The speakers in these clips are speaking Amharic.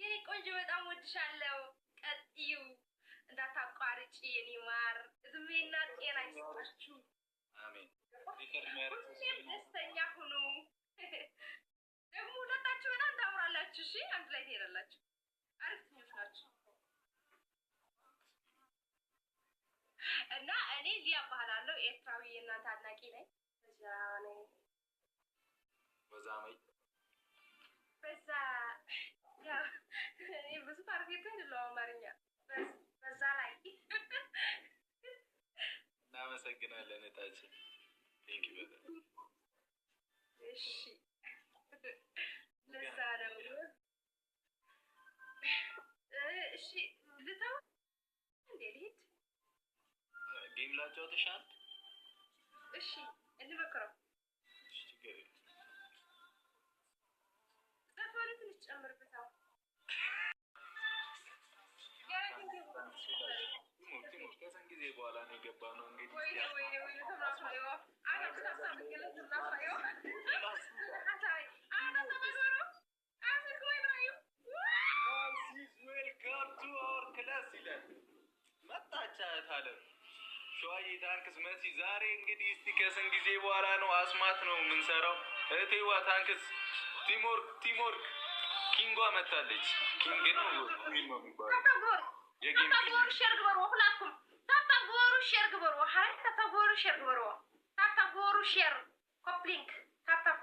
የኔ ቆንጆ በጣም ወድሻለሁ። ቀጥዩ እንዳታቋርጪ የኔ ማር። እድሜና ጤና ይስጣችሁ። ደስተኛ ሁኑ። ደግሞ ሁለታችሁ በጣም ታምራላችሁ። እሺ፣ አንድ ላይ ትሄዳላችሁ። አሪፍ ትምህርት ናችሁ እና እኔ ሊያ እባላለሁ። ኤርትራዊ የእናንተ አድናቂ ነኝ። በዛ በዛ ብዙ ፓርፌክት አይደለም አማርኛ። በዛ ላይ እናመሰግናለን እሺ ለዛ እሺ ልተው እንዴ ልሂድ? ጌም ላጫውትሻል። እሺ እንመክረው። ጨምር ታንክስ ዛሬ እንግዲህ እስቲ ከስንት ጊዜ በኋላ ነው አስማት ነው የምንሰራው። እህቴዋ ታንክስ ቲምወርክ ቲምወርክ ኪንጓ መታለች። ኪንግ ነው የሚባለው Hai să taborul share numărul. Taborul share. Coplink. Tatap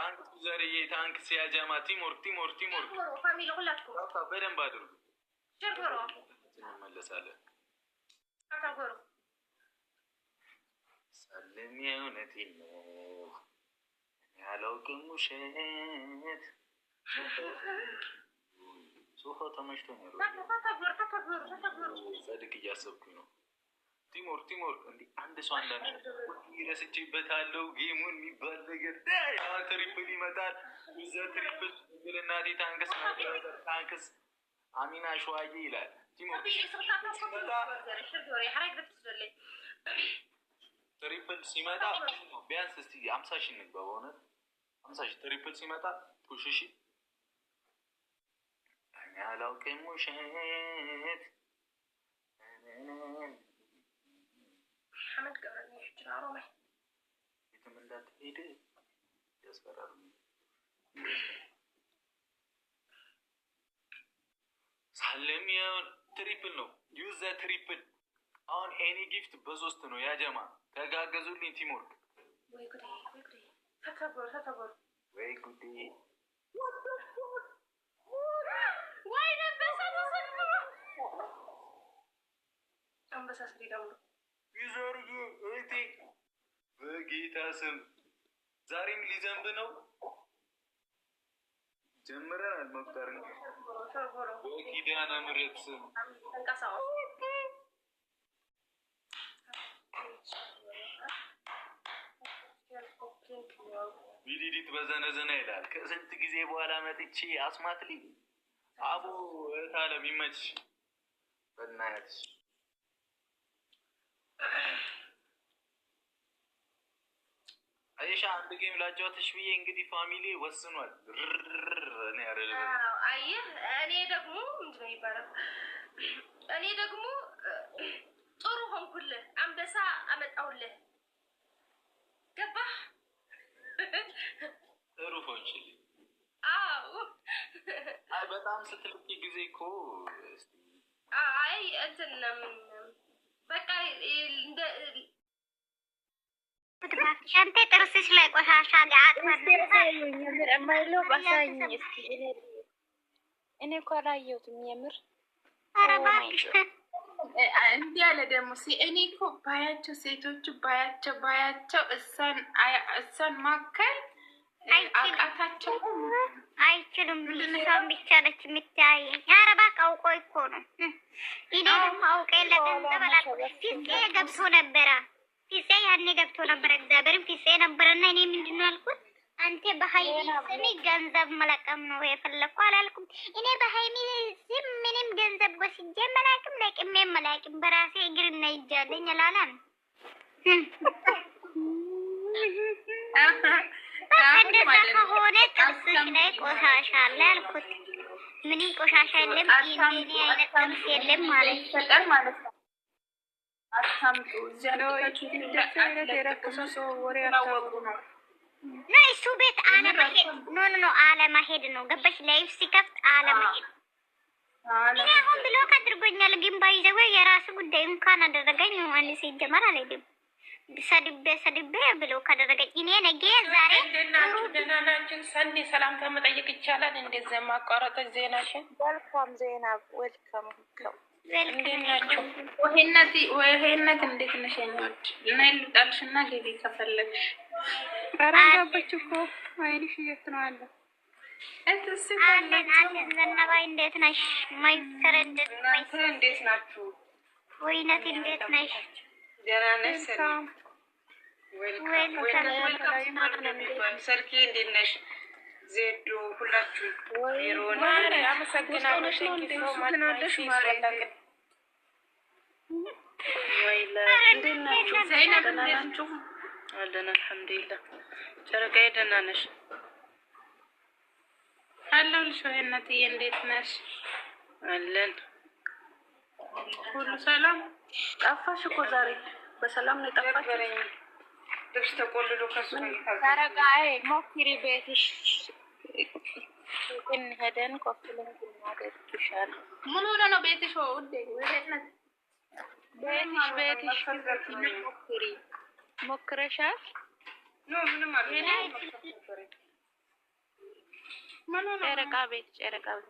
ታንክ ዛሬ የታንክ ሲያጃማ ቲምወርክ ቲምወርክ ቲምወርክ ፋሚሊ ሁላችሁም ታታ በደንብ አድርጉ። ሼር ጎሮ እንመለሳለን። ታታ ጎሮ ሳለም ነው ያላውቅም ውሸት ጽሁፎ ተመችቶኛል። ጸድቅ እያሰብኩኝ ነው ቲሞር ቲሞር እንዲ አንድ ሰው አንዳንድ ረስቼበታለሁ ጌሙን የሚባል ነገር ትሪፕል ይመጣል። እዛ ትሪፕል እናቴ ታንክስ ታንክስ አሚና ሸዋዬ ይላል። ትሪፕል ሲመጣ ቢያንስ እስቲ አምሳ ሺ እንግባ በሆነ አምሳ ሺ ትሪፕል ሲመጣ ፑሽሺ ያላውቅ ሙሸት መሐመድ ገብረሚካኤል ጅራሮ ላይ ሳለም ትሪፕል ነው ዩዝ ዘ ትሪፕል። አሁን ኤኒ ጊፍት በሶስት ነው ያጀማ ተጋገዙልኝ። ቲሞርክ ወይ ጉዴ ተከበሩ ተከበሩ ወይ ጉዴ ወይ ነበሰ አንበሳ ስሪ ይዘርጉ እህቴ፣ በጌታ ስም ዛሬም ሊዘንብ ነው። ጀምረናል መቁጠር በኪዳነ ምሕረት ስም ቢዲዲት በዘነዘና ይላል። ከስንት ጊዜ በኋላ መጥቼ አስማትልኝ አቦ እህት አለም ይመች በናያት አይሻ አንድ ጌም ላጫውትሽ ብዬ እንግዲህ ፋሚሊ ወስኗል። አየህ እኔ ደግሞ ምንድን የሚባለው? እኔ ደግሞ ጥሩ ሆንኩልህ፣ አንበሳ አመጣሁልህ። ገባህ? ጥሩ ሆንሽልኝ። አዎ በጣም ስትልኪ ጊዜ እኮ አይ እንትን በቃ ጥርስሽ ላይ ቆሻሻ የምር እኔ እኮ አላየሁትም የምር oh እንዲህ አለ ደግሞ እኔ እኮ ባያቸው ሴቶቹ ባያቸው ባያቸው እሷን ማከል አይችልም። እሷም ብቻ ነች የምታየኝ። ኧረ እኮ ነው። እኔ ደግሞ አውቄ ለገንዘብ አላልኩም። ገብቶ ነበረ፣ ፊፄ ያኔ ገብቶ ነበረ። እግዚአብሔርም ፊፄ ነበረና እኔ ምንድን ነው ያልኩት? አንተ በሀይሚ ስም ገንዘብ መለቀም ነው የፈለግኩ አላልኩም። እኔ በሀይሚ ስም ምንም ገንዘብ ወስጄ መላቅም ለቅሜ መላቅም በራሴ እግርና ይጃለኝ አላለም እንደዛ ከሆነ ጥርስሽ ላይ ቆሻሻ አለ አልኩት። ምንም ቆሻሻ የለም፣ ይሄኔ አይነት ጥርስ የለም ማለት ነው። እሱ ቤት አለመሄድ ኖ ኖ አለመሄድ ነው። ገባሽ? ላይፍ ሲከፍት አለመሄድ እኔ አሁን ብሎ ከአድርጎኛል። ግን ባይዘው የራሱ ጉዳይ እንኳን አደረገኝ። ሲጀመር አልሄድም ሰድቤ ሰድቤ ብሎ ካደረገኝ እኔ ነገ ዛሬ ናናችን ሰኒ ሰላምታ መጠየቅ ይቻላል። እንዴት ማቋረጠች ዜናሽን ወልካም ዜና ወልካም እንዴት እንዴት ገቢ ከፈለግሽ ረንጋበች እንዴት እንዴት ናችሁ? ወይነት እንዴት ነሽ? ደህና ነሽ? ሰርጌ እንዴት ነሽ? ዜዶ ሁላችሁ አመሰግናለሁ። እንዴት ናችሁ? ደህና አልሐምዱሊላህ። ጨረቃዬ ደህና ነሽ? አለሁልሽ። ወይነትዬ እንዴት ነሽ? አለን ሁሉ ሰላም ጠፋሽ እኮ ዛሬ በሰላም ነው የጠፋሽ። ልብስ ተቆልሎ ከሱ ታረጋ። ሞክሪ ቤትሽ ግን ሄደን ኮፍልን ግናደርግሻል። ምን ሆነ ነው ቤትሽ? ውዴ ቤትሽ ቤትሽ ሞክሪ ሞክረሻል? ምንም ጨረቃ ቤት ጨረቃ ቤት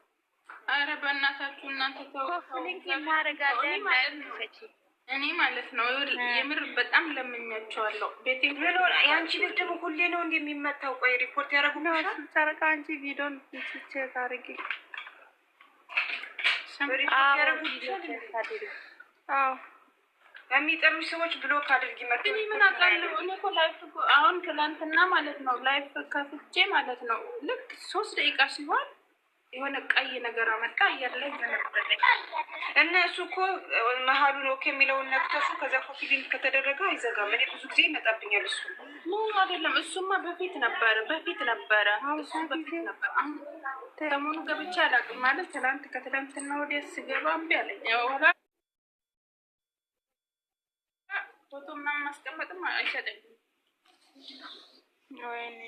አረ በእናታችሁ እናንተ ኮፍሊንክ እናደርጋለን። እኔ ማለት ነው የምር በጣም ለምኛቸዋለሁ። ቤቴ የአንቺ ቤት ደግሞ ሁሌ ነው እንደሚመታው። ቆይ ሪፖርት ያደረጉ ጨረቃ አንቺ ቪዲዮን ስቼት አድርጊ የሚጠሩሽ ሰዎች ብሎክ አድርጊ። መጥ ምን አውቃለሁ እኔ እኮ ላይፍ አሁን ትናንትና ማለት ነው ላይፍ ከፍቼ ማለት ነው ልክ ሶስት ደቂቃ ሲሆን የሆነ ቀይ ነገር አመጣ አየር ላይ ዘነበለ። እና እሱ እኮ መሀሉ ነው የሚለውን ነክተሱ ከዛ ኮፊሊን ከተደረገ አይዘጋም። እኔ ብዙ ጊዜ ይመጣብኛል። እሱ አይደለም እሱማ በፊት ነበረ በፊት ነበረ እሱ በፊት ነበረ። ሰሞኑ ገብቼ አላውቅም ማለት ትናንት ከትናንትና ወደ ስገባ እምቢ አለኝ። ኋላ ፎቶ ምናምን ማስቀመጥም አይሰጠኝም። ወይኔ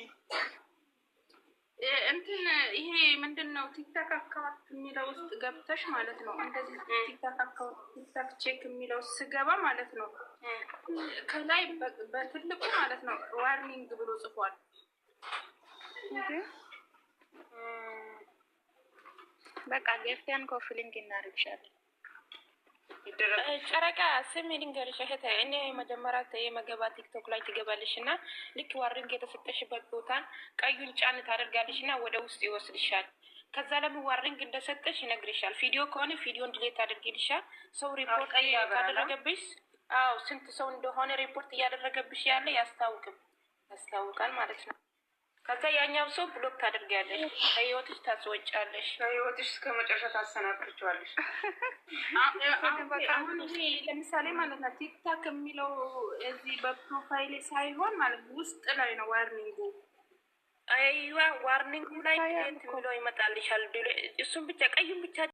እንትን ይሄ ምንድን ነው ቲክታክ አካውንት የሚለው ውስጥ ገብተሽ ማለት ነው። እንደዚህ ቲክታክ አካውንት ቲክታክ ቼክ የሚለው ስገባ ማለት ነው ከላይ በትልቁ ማለት ነው ዋርኒንግ ብሎ ጽፏል። በቃ ገፍቲያን ኮፍሊንግ እናደርግሻለን። ጨረቃ ስሜ ድንገርሽ እህት፣ እኔ መጀመሪያ የመገባ ቲክቶክ ላይ ትገባለሽ እና ልክ ዋርንግ የተሰጠሽበት ቦታ ቀዩን ጫን ታደርጋለሽ እና ወደ ውስጥ ይወስድሻል። ከዛ ለምን ዋርንግ እንደሰጠሽ ይነግርሻል። ቪዲዮ ከሆነ ቪዲዮን ድሌት አድርግልሻል። ሰው ሪፖርት ካደረገብሽ፣ አዎ ስንት ሰው እንደሆነ ሪፖርት እያደረገብሽ ያለ ያስታውቅም ያስታውቃል ማለት ነው። ከዛ ያኛው ሰው ብሎክ ታደርጊያለሽ፣ ከህይወትሽ ታስወጫለሽ፣ ከህይወትሽ እስከ መጨረሻ ታሰናብቻለሽ። አሁን ለምሳሌ ማለት ነው ቲክታክ የሚለው እዚህ በፕሮፋይል ሳይሆን ማለት ውስጥ ላይ ነው ዋርኒንጉ። አይዋ ዋርኒንጉ ላይ ብሎ ይመጣልሻል። እሱም ብቻ ቀዩም ብቻ